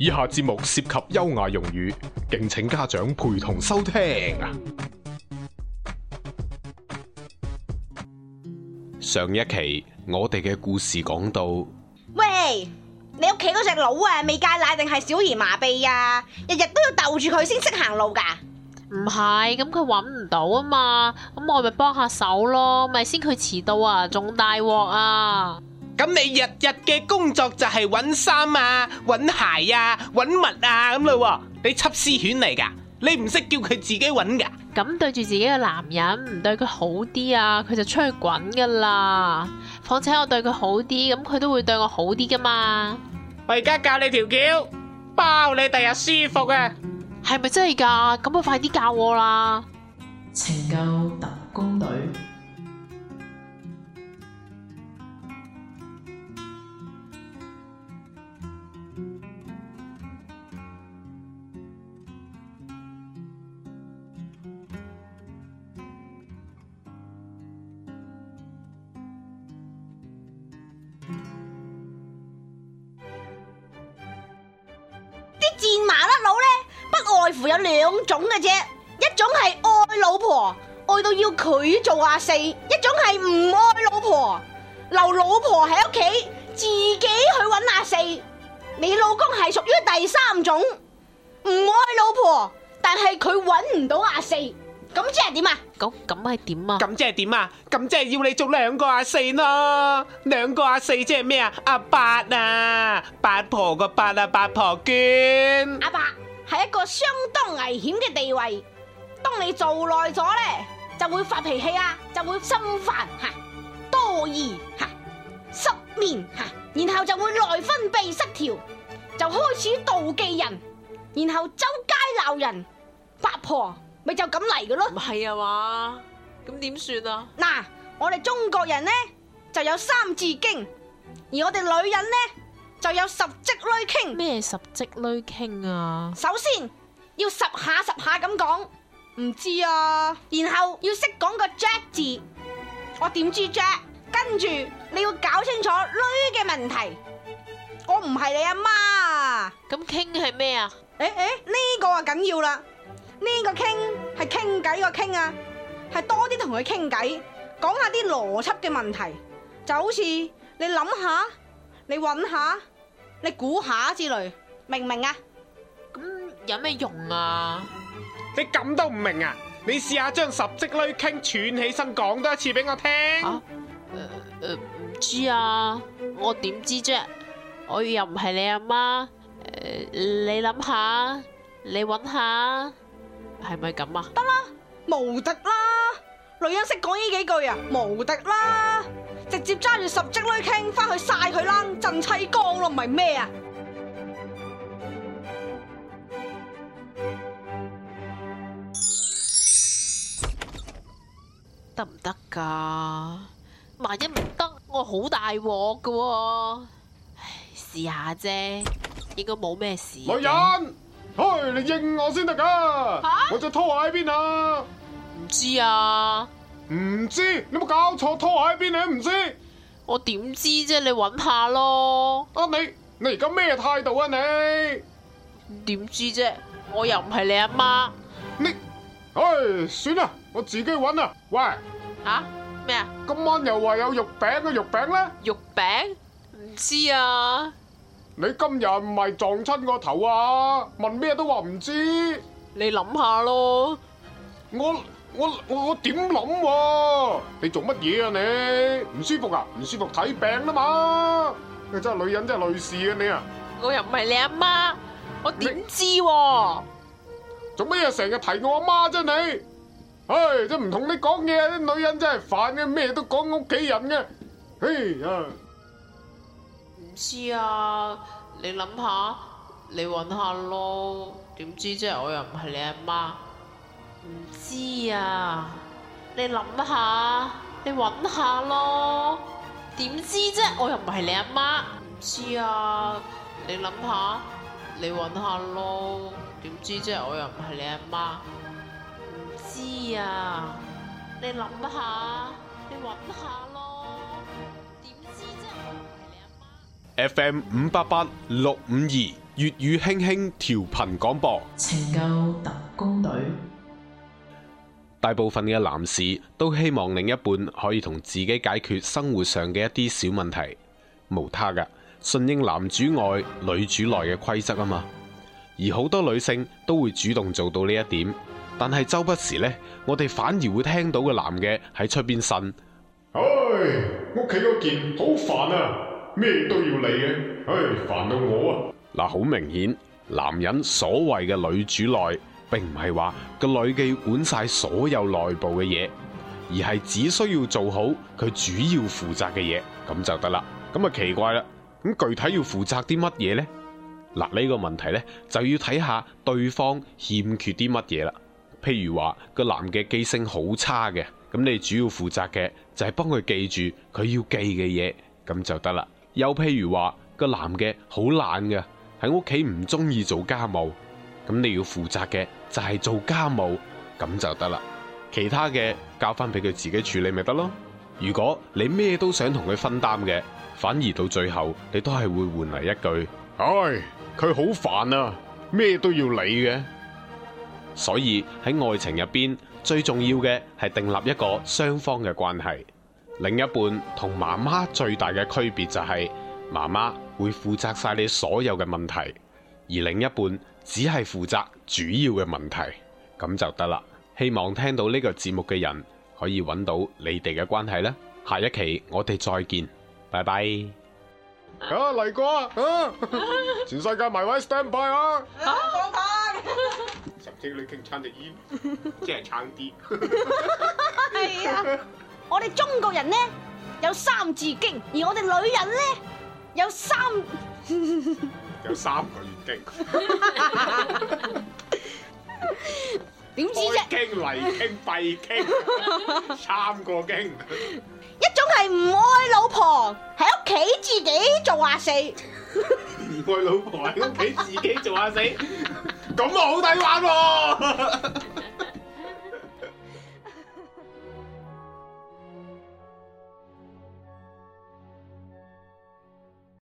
以下節目涉及優雅用語，敬請家長陪同收聽啊！上一期我哋嘅故事講到，喂，你屋企嗰隻佬啊，未戒奶定係小兒麻痹啊？日日都要逗住佢先識行路噶？唔係，咁佢搵唔到啊嘛，咁我咪幫下手咯，咪先佢遲到啊，仲大鑊啊！咁你日日嘅工作就係揾衫啊、揾鞋啊、揾襪啊咁咯，啊，你緝私犬嚟噶，你唔識叫佢自己揾噶。咁對住自己嘅男人唔對佢好啲啊，佢就出去滾噶啦。況且我對佢好啲，咁佢都會對我好啲噶嘛。我而家教你條橋，包你第日舒服啊。係咪真係噶？咁啊，快啲教我啦。拯救特工隊。戰麻甩佬呢，不外乎有兩種嘅啫，一種係愛老婆，愛到要佢做阿四；一種係唔愛老婆，留老婆喺屋企，自己去揾阿四。你老公係屬於第三種，唔愛老婆，但係佢揾唔到阿四。咁即係點啊？咁咁係點啊？咁即係點啊？咁即係要你做兩個阿四咯，兩個阿四即係咩啊？阿八啊，八婆個八啊，八婆娟。阿八係一個相當危險嘅地位，當你做耐咗咧，就會發脾氣啊，就會心煩吓，多疑吓，失眠吓，然後就會內分泌失調，就開始妒忌人，然後周街鬧人，八婆。佢就咁嚟噶咯，唔係啊嘛，咁點算啊？嗱，我哋中國人呢就有三字經，而我哋女人呢就有十 JQK。咩十 JQK 啊？首先要十下十下咁講，唔知啊。然後要識講個 Jack 字，我點知 Jack？跟住你要搞清楚女嘅問題，我唔係你阿媽。咁傾係咩啊？誒誒，呢個啊緊要啦。呢個傾係傾偈個傾啊，係多啲同佢傾偈，講下啲邏輯嘅問題，就好似你諗下，你搵下，你估下之類，明唔明啊？咁有咩用啊？你咁都唔明啊？你試下將十 JQK 傾串起身講多一次俾我聽。誒誒，唔知啊，我點知啫？我又唔係你阿媽。誒，你諗下，你搵下。係咪咁啊？得啦，無敵啦！女人識講呢幾句啊，無敵啦！直接揸住十隻女傾，翻去晒佢啦，震妻光咯，唔係咩啊？得唔得噶？萬一唔得，我好大鑊噶！唉，試下啫，應該冇咩事啊。女人。喂，你應我先得噶，我隻拖鞋喺邊啊？唔知啊？唔知？你冇搞錯，拖鞋喺邊啊？唔知？我點知啫？你揾下咯。啊你，你而家咩態度啊？你點知啫？我又唔係你阿媽。你，唉，hey，算啦，我自己揾啊！喂。吓？咩啊？今晚又話有肉餅嘅肉餅咧？肉餅？唔知啊。你今日唔係撞親個頭啊？問咩都話唔知，你想想。你諗下咯。我我我我點諗？你做乜嘢啊你？唔舒服啊？唔舒服睇病啦嘛。你真係女人真係累事啊你啊！我又唔係你阿媽，我點知？做咩成日提我阿媽啫你？唉，真唔同你講嘢啊！啲女人真係煩嘅，咩都講屋企人嘅。嘿呀！唔知啊，你諗下，你揾下咯。點知啫？我又唔係你阿媽。唔知啊，你諗下，你揾下咯。點知啫？我又唔係你阿媽。唔知啊，你諗下，你揾下咯。點知啫？我又唔係你阿媽。唔知啊，你諗下，你揾下咯。F. M. 五八八六五二粵語輕輕調頻廣播。情救特工隊。大部分嘅男士都希望另一半可以同自己解決生活上嘅一啲小問題，無他噶，順應男主外女主內嘅規則啊嘛。而好多女性都會主動做到呢一點，但係周不時呢，我哋反而會聽到個男嘅喺出邊呻。唉，屋企嗰件好煩啊！咩都要你嘅，唉、哎，煩到我啊！嗱、啊，好明顯，男人所謂嘅女主內，並唔係話個女嘅要管晒所有內部嘅嘢，而係只需要做好佢主要負責嘅嘢，咁就得啦。咁啊奇怪啦，咁具體要負責啲乜嘢咧？嗱、啊，呢、呢個問題咧就要睇下對方欠缺啲乜嘢啦。譬如話個男嘅記性好差嘅，咁你主要負責嘅就係幫佢記住佢要記嘅嘢，咁就得啦。又譬如話個男嘅好懶嘅，喺屋企唔中意做家務，咁你要負責嘅就係做家務，咁就得啦。其他嘅交翻俾佢自己處理咪得咯。如果你咩都想同佢分擔嘅，反而到最後你都係會換嚟一句：唉、哎，佢好煩啊，咩都要你嘅。所以喺愛情入邊最重要嘅係訂立一個雙方嘅關係。另一半同媽媽最大嘅區別就係，媽媽會負責晒你所有嘅問題，而另一半只係負責主要嘅問題，咁就得啦。希望聽到呢個節目嘅人可以揾到你哋嘅關係啦。下一期我哋再見，拜拜。啊，嚟個全世界埋位 stand by 啊。我哋中國人呢有三字經，而我哋女人呢有三有三個月經，點知啫？經嚟經閉經，三個經，一種係唔愛老婆喺屋企自己做下死，唔愛老婆喺屋企自己做下死，咁啊好抵玩喎！